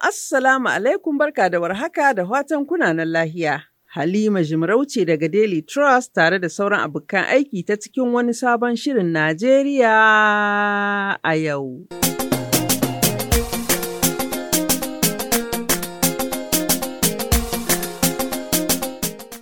assalamu alaikum barka da warhaka da watan kunanan lahiya. Halima Jimarauce daga Daily Trust tare da sauran abokan aiki ta cikin wani sabon shirin Najeriya a yau.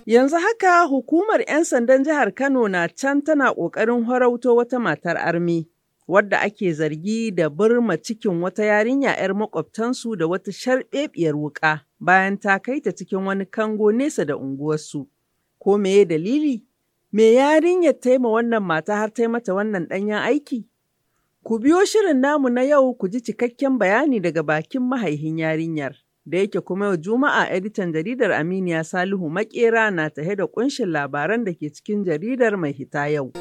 Yanzu haka hukumar 'yan sandan jihar Kano na can tana ƙoƙarin horauto wata matar armi. wadda ake zargi da birma cikin wata yarinya 'yar makwabtansu da wata sharɓeɓiyar wuƙa bayan ta kai ta cikin wani kango nesa da unguwarsu. Ko meye dalili? Me yarinyar ta ma wannan mata har ta mata wannan ɗanyen aiki? Ku biyo shirin namu na yau ku ji cikakken bayani daga bakin mahaihin yarinyar. da yake kuma yau Juma'a editan jaridar Aminiya Salihu Makera na tahe da ƙunshin labaran da ke cikin jaridar mai hita yau.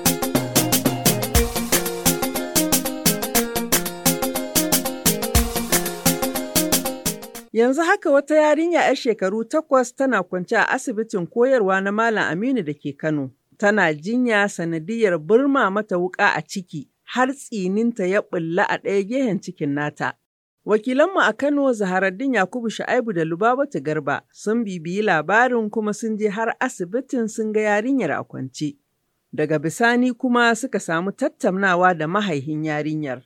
Yanzu haka wata yarinya 'yar shekaru takwas tana kwance a asibitin koyarwa na Malam Aminu da ke Kano. Tana jinya sanadiyar burma mata wuka a ciki har tsininta ya ɓulla a ɗaya gehen cikin nata. Wakilanmu a Kano Zaharaddin Yakubu Sha'aibu da Lubabatu Garba sun bibiyi labarin kuma sun je har asibitin sun ga yarinyar a kwance. Daga bisani kuma suka samu tattaunawa da mahaihin yarinyar.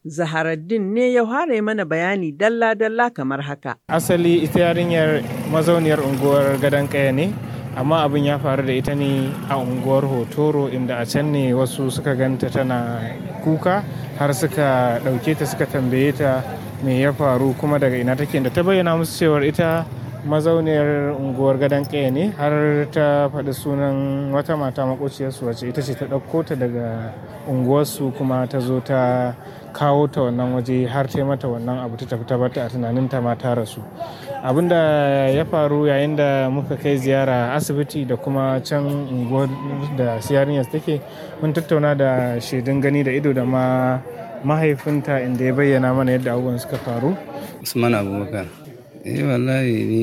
Zaharaddin ne ya hare mana bayani dalla-dalla kamar haka. Asali ita yarinyar mazauniyar unguwar gadon kaya ne, amma abin ya faru da ita ne a unguwar Hotoro inda a can ne wasu suka ganta tana kuka har suka ɗauke ta suka tambaye ta me ya faru kuma daga ina take da ta bayyana musu cewar ita mazauniyar unguwar gadon kaya ne har ta faɗi sunan wata mata makociyarsu wacce ita ce ta ɗauko ta daga unguwarsu kuma ta zo ta kawo ta wannan waje har ta mata wannan abu ta tafi tabbata a tunanin ta ma ta rasu abin da ya faru yayin da muka kai ziyara asibiti da kuma can unguwar da siyarinyar take mun tattauna da shaidun gani da ido da ma mahaifinta inda ya bayyana mana yadda abubuwan suka faru usman abubakar eh wallahi ni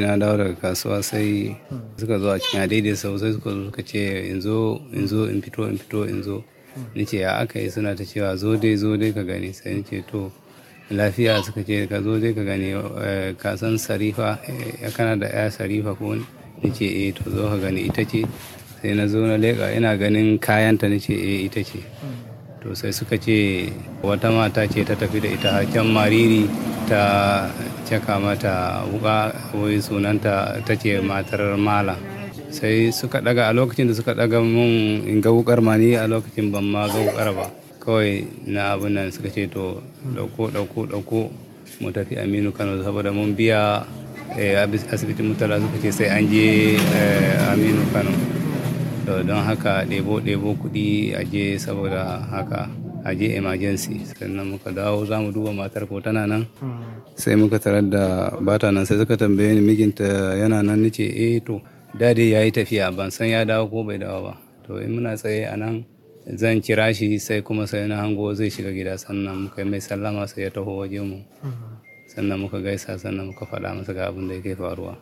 na dawo daga kasuwa sai suka zo a cikin daidai sau sai suka zo suka ce in in zo in fito in fito in zo Ni ce ya aka yi suna ta cewa zo dai zo dai ka gani sai ni ce to lafiya suka ce ka zo dai ka gani eh, ka san sarifa ya eh, kana da ya sarifa ko ni ce eh to zo ka gani ita ce sai na zo na leƙa ina ganin kayanta ni ce eh ita ce to sai suka ce wata mata ce ta tafi da ita can mariri ta caka mata wuka wai sunanta ta ce matar malam sai suka daga a lokacin da suka daga mun in ga wukar ma ni a lokacin ban ma ga wukar ba kawai na abin nan suka ce to dauko dauko dauko mu tafi aminu kano saboda mun biya eh, asibitin mutala suka ce sai an je eh, aminu kano don haka ɗebo ɗebo kuɗi a je saboda haka a je emergency sannan muka dawo za mu duba matar ko tana nan hmm. sai muka tarar da bata nan sai suka tambaye ni mijinta yana nan nace eh to dadi ya yi tafiya ban san ya dawo ko bai dawo ba to in muna tsaye a nan zan kira shi sai kuma sai na hango zai shiga gida sannan muka yi mai sallama sai ya taho waje mu sannan muka gaisa sannan muka faɗa masa ga abin da yake faruwa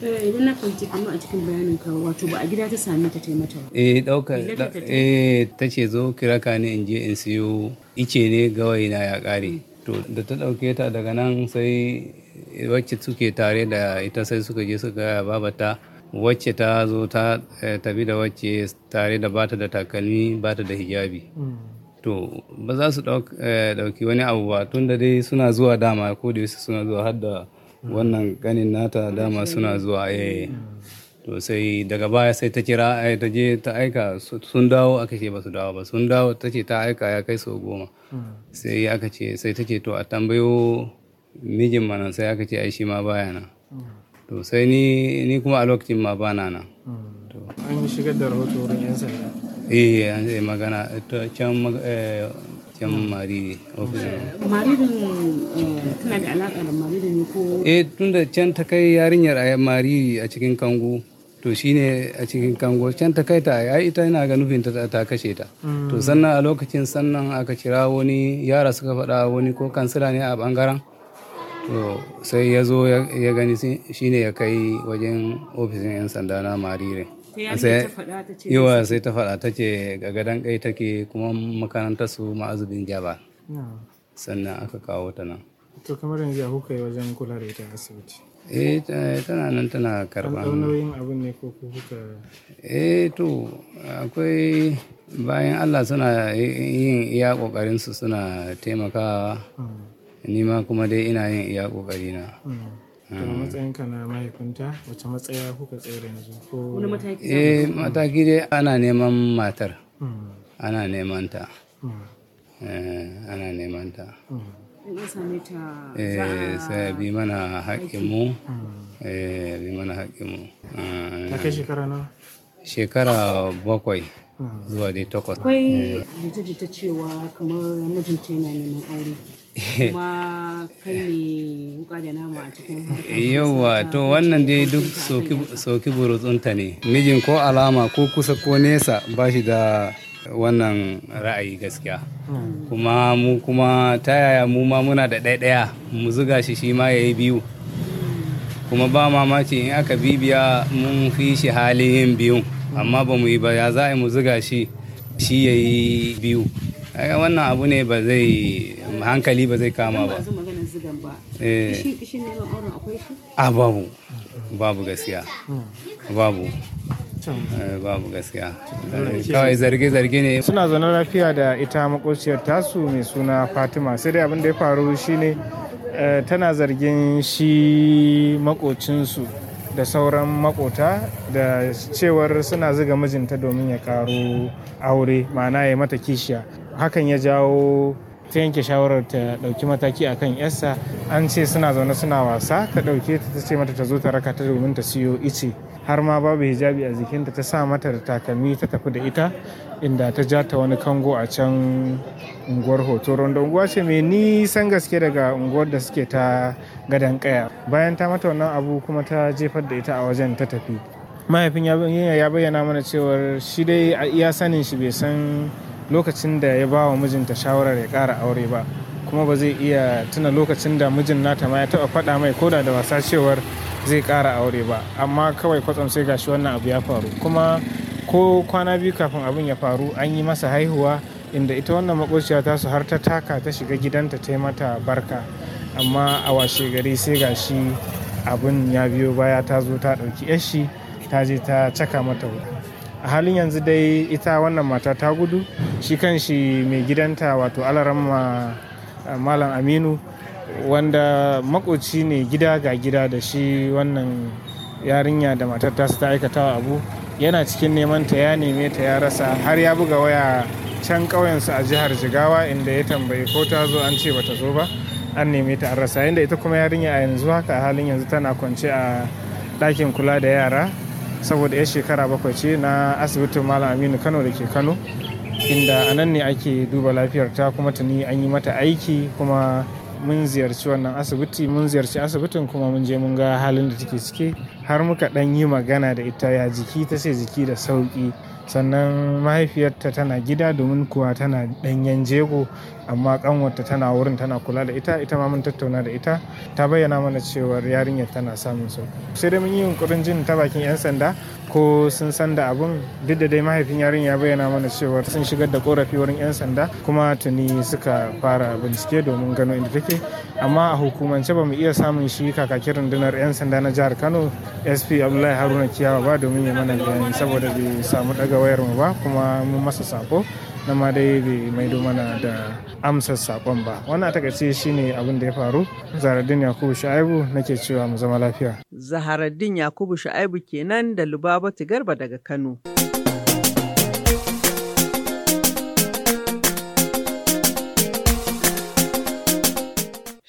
eh, idan na fahimci amma a cikin bayanin ka wato ba a gida ta same ta ta mata ba eh dauka eh tace zo kira ka ne in je in siyo ice ne gawayi na ya kare mm. to da ta dauke ta daga nan sai wacce suke tare da ita sai suka je suka babata wacce ta zo ta eh, tafi da wacce tare da bata da takalmi bata da hijabi hmm. to ba za su dauki eh, wani abu ba tun da dai suna zuwa dama ko da yasa suna zuwa har da wannan ganin nata dama suna zuwa eh to sai daga baya sai ta kira eh, ta je ta aika sun dawo aka ce ba su dawo ba sun dawo ta ce ta aika ya kai sau goma hmm. sai aka ce sai ta ce to a tambayo mijin mana sai aka ce ai shi ma baya na. Hmm. to sai ni ni kuma a lokacin ma ba na nan an yi shigar da rahoto wurin yan sanda eh an yi magana can eh, can mariri eh, maridin eh, tana da alaƙa da mariri ne ko eh tunda can ta kai yarinyar a mariri a cikin kango to shine a cikin kango can ta kai ta ai ita ina ga nufin ta ta kashe ta hmm. to sannan a lokacin sannan aka kira wani yara suka faɗa wani ko kansila ne a bangaren sai ya zo ya gani shine ya kai wajen ofishin 'yan sanda na marire yawa sai ta faɗa ta ce ga gadon kai take kuma makarantar su ma'azubin jaba sannan aka kawo ta nan to kamar yanzu ya kuka yi wajen kula da ita asibiti eh tana nan tana karɓa nauyin abin ne ko kuka eh to akwai bayan allah suna yin iya ƙoƙarinsu suna taimakawa hmm. ni ma kuma dai ina yin iya kokari na. Daga mm. matsayinka na mahaifinta wace matsaya kuka tsere yanzu ko wani mataki eh mataki dai ana neman matar mm. ana neman ta mm. eh, ana neman ta eh sai bi mana haƙƙinmu eh bi mana haƙƙinmu ah, ta kai shekara na shekara bakwai zuwa dai takwas akwai eh. jita-jita cewa kamar mijinta yana neman aure kuma kai yauwa to wannan dai duk soki burutsunta ne mijin ko alama ko kusa ko nesa ba shi da wannan ra'ayi gaskiya hmm. kuma mu kuma ta yaya mu ma muna da ɗaya mu zuga shi shi ma ya yi biyu kuma ba mamaci in aka bibiya mun fi shi halin yin biyu amma ba mu yi ba ya za mu zuga shi shi ya yi biyu wannan abu ne ba zai hankali ba zai kama ba a eh. ah, babu babu gaskiya hmm. babu eh, babu gaskiya kawai zarge-zarge ne suna zaune lafiya da ita makociyar tasu mai suna fatima sai dai abin da ya faru shine eh, tana zargin shi makocinsu da sauran makota da cewar suna ziga mijinta domin ya karo aure ma'ana ya mata kishiya hakan ya jawo ta yanke shawarar ta ɗauki mataki a kan yarsa an ce suna zaune suna wasa ta dauke ta ta ce mata ta zo ta raka ta domin ta siyo ice har ma babu hijabi a jikinta ta sa mata da takalmi ta tafi da ita inda ta ja ta wani kango a can unguwar hoto rondon unguwa ce mai nisan gaske daga unguwar da suke ta gadan kaya bayan ta mata wannan abu kuma ta jefar da ita a wajen ta tafi mahaifin ya bayyana mana cewar shi dai a iya sanin shi bai san lokacin da ya ba wa mijinta shawarar ya kara aure ba kuma ba zai iya tuna lokacin da mijin nata ma ya taɓa faɗa mai koda da wasa cewar zai kara aure ba amma kawai kwatsam sai gashi wannan abu ya faru kuma ko kwana biyu kafin abin ya faru an yi masa haihuwa inda ita wannan makociya ta su har ta taka ta shiga gidanta ta yi mata barka amma a washe gari sai gashi abin ya biyo baya ta zo ta ɗauki yashi ta je ta caka mata wuta a halin yanzu dai ita wannan mata ta gudu shi kan shi mai gidanta wato alaramma eh, malam aminu wanda makoci ne gida ga gida da shi wannan yarinya da matar ta ta aikata abu yana cikin neman ta ya neme ta ya rasa har ya buga waya can ƙauyensu a jihar jigawa inda ya tambayi ko ta zo an ce bata zo ba an neme ta an rasa yadda ita kuma yarinya a yanzu haka a halin yanzu tana kwance a ɗakin kula da yara saboda ya shekara bakwai ce na asibitin malam aminu kano da ke kano inda a nan ne ake duba lafiyarta kuma tuni an yi mata aiki kuma mun ziyarci wannan asibiti mun ziyarci asibitin kuma mun je mun ga halin da take ciki har muka dan yi magana da ita ya jiki ta sai jiki da sauki sannan mahaifiyarta tana gida domin kuwa tana danyen jego amma kanwarta tana wurin tana kula da ita ita ma mun tattauna da ita ta bayyana mana cewa yarinyar tana samun so sai dai mun yi yunkurin jin ta bakin yan sanda ko sun san da abun duk da dai mahaifin yarin ya bayyana mana cewa sun shigar da korafi wurin yan sanda kuma tuni suka fara bincike domin gano inda take amma a hukumance bamu iya samun shi kakakin rundunar yan sanda na jihar Kano SP Abdullahi Haruna Kiyawa ba domin ya mana bayani saboda bai samu daga wayar mu ba kuma mun masa sako na ma dai bai maido mana da amsar saƙon ba wannan a takaice shine abin da ya faru zaharaddin yakubu shu'aibu nake cewa mu zama lafiya zaharaddin yakubu shu'aibu kenan da lubabatu garba daga kano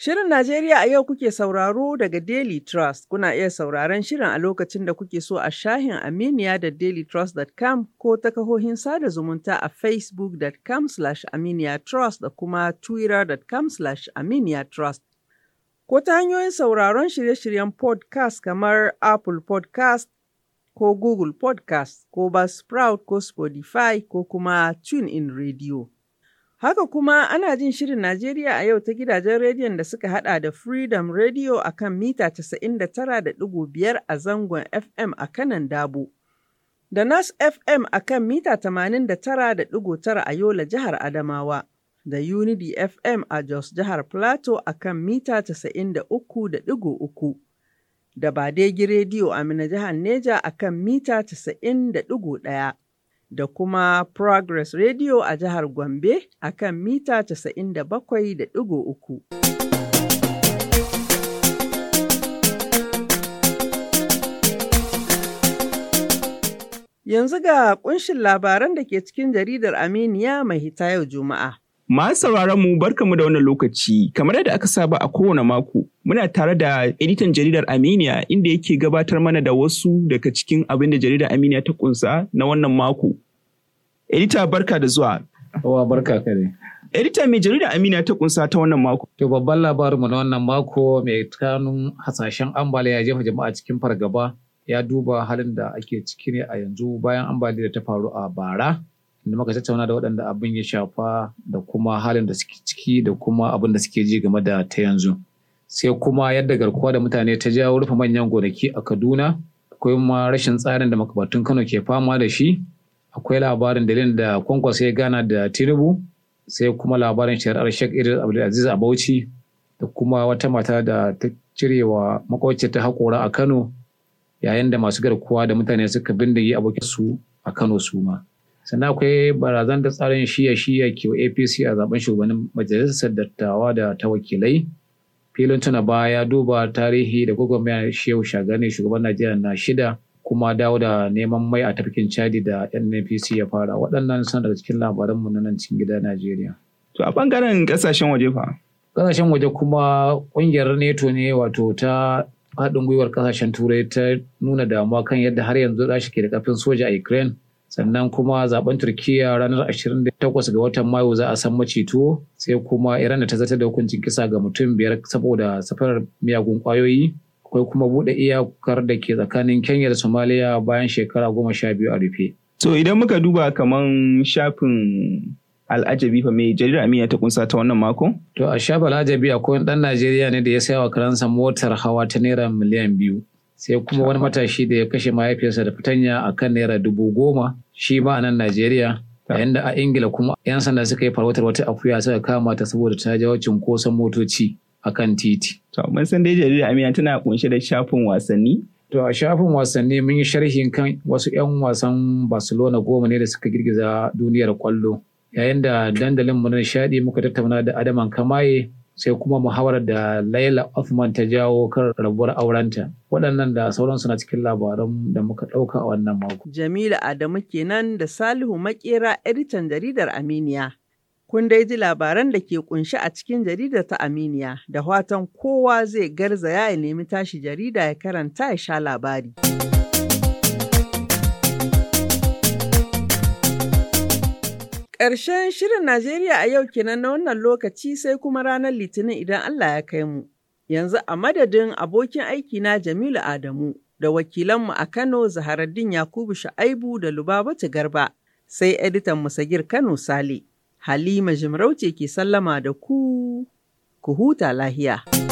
Shirin Najeriya a yau kuke sauraro daga Daily Trust. Kuna iya sauraron shirin a lokacin da kuke so a shahin Aminiya da dailytrust.com ko ta kahohin sada zumunta a facebookcom aminiyatrust da kuma twittercom aminiyatrust Ko ta hanyoyin sauraron shirye-shiryen podcast kamar Apple podcast ko Google podcast ko Buzzsprout ko Spotify ko kuma TuneIn Radio. Haka kuma ana jin shirin Najeriya a yau ta gidajen rediyon da suka hada da Freedom Radio a kan mita 99.5 a zangon FM a kanan Dabo. Da Nas FM a kan mita 89.9 a Yola jihar Adamawa. Da Unity FM a Jos jihar Plateau a kan mita 93.3. Da Badegi Radio a Mina jihar Neja a kan mita 91. da kuma Progress Radio a jihar Gombe a kan mita 97.3. Yanzu ga ƙunshin labaran da ke cikin jaridar Aminiya mai hita yau Juma'a. Masu sauraron mu barkamu da wannan lokaci, kamar yadda aka saba a kowane mako, muna tare da editan jaridar Aminiya inda yake gabatar mana da wasu daga cikin abin da jaridar Aminiya ta kunsa na wannan mako. Edita barka da zuwa. Wa barka kare. Edita mai jaridar Aminiya ta kunsa ta wannan mako. To babban labarinmu na wannan mako mai kanun hasashen ambaliya ya jefa jama'a cikin fargaba ya duba halin da ake ciki ne a yanzu bayan ambaliya da ta faru a bara. da muka tattauna da waɗanda abin ya shafa da kuma halin da suke ciki da kuma abin da suke ji game da ta yanzu sai kuma yadda garkuwa da mutane ta jawo rufe manyan gonaki a kaduna akwai ma rashin tsarin da makabatun kano ke fama da shi akwai labarin dalilin da kwankwasa ya gana da tinubu sai kuma labarin shari'ar shek idris abdulaziz a bauchi da kuma wata mata da ta cirewa makwabci ta haƙora a kano yayin da masu garkuwa da mutane suka bindige abokinsu a kano su ma. sannan akwai barazan da tsarin shiya shiya kiwo apc a zaben shugabannin majalisar dattawa da ta wakilai filin tuna baya duba tarihi da gwagwarmaya shehu shagani shugaban najeriya na shida kuma dawo da neman mai a tafkin chadi da npc ya fara waɗannan suna daga cikin labaranmu na nan cikin gida najeriya to a bangaren ƙasashen waje fa Ƙasashen waje kuma ƙungiyar neto ne wato ta haɗin gwiwar ƙasashen turai ta nuna damuwa kan yadda har yanzu rashi ke da ƙarfin soja a ukraine sannan kuma zaben turkiya ranar 28 ga watan mayu za a san maceto sai kuma iran da ta zata da hukuncin kisa ga mutum biyar saboda safarar miyagun kwayoyi akwai kuma bude iyakar da ke tsakanin kenya da somalia bayan shekara goma sha biyu a rufe so idan muka duba kaman shafin al'ajabi fa mai jaridar amina ta kunsa ta wannan mako? to a shafin al'ajabi akwai dan najeriya ne da ya wa karansa motar hawa ta naira miliyan biyu sai kuma wani matashi da ya kashe mahaifiyarsa da fitanya a kan naira dubu goma shi ma a nan najeriya yayin da a ingila kuma 'yan sanda suka yi farautar wata akuya suka kama ta saboda ta jawo cunkoson motoci a kan titi. to mun san dai jarida amina tana kunshe da shafin wasanni To a shafin wasanni mun yi sharhin kan wasu 'yan wasan Barcelona goma ne da suka girgiza duniyar kwallo. Yayin da dandalin mu na shaɗi muka tattauna da Adaman Kamaye sai kuma muhawarar da Laila Othman ta jawo kan rabuwar aurenta. Waɗannan da sauransu na cikin labaran da muka ɗauka a wannan mako. Jamilu Adamu kenan da Salihu Makera editan jaridar Aminiya. Kun dai ji labaran da ke kunshi a cikin jaridar ta Aminiya da watan kowa zai garzaya ya nemi tashi jarida ya karanta ya sha labari. Ƙarshen shirin Najeriya a yau kenan na wannan lokaci sai kuma ranar Litinin idan Allah ya kai mu. Yanzu a madadin abokin aikina Jamilu Adamu da wakilanmu a Kano Zaharaddin Yakubu Sha'aibu da Lubabatu Garba sai editan Musagir Kano Sale. Halima Jimarauce ke sallama da ku, ku huta lahiya.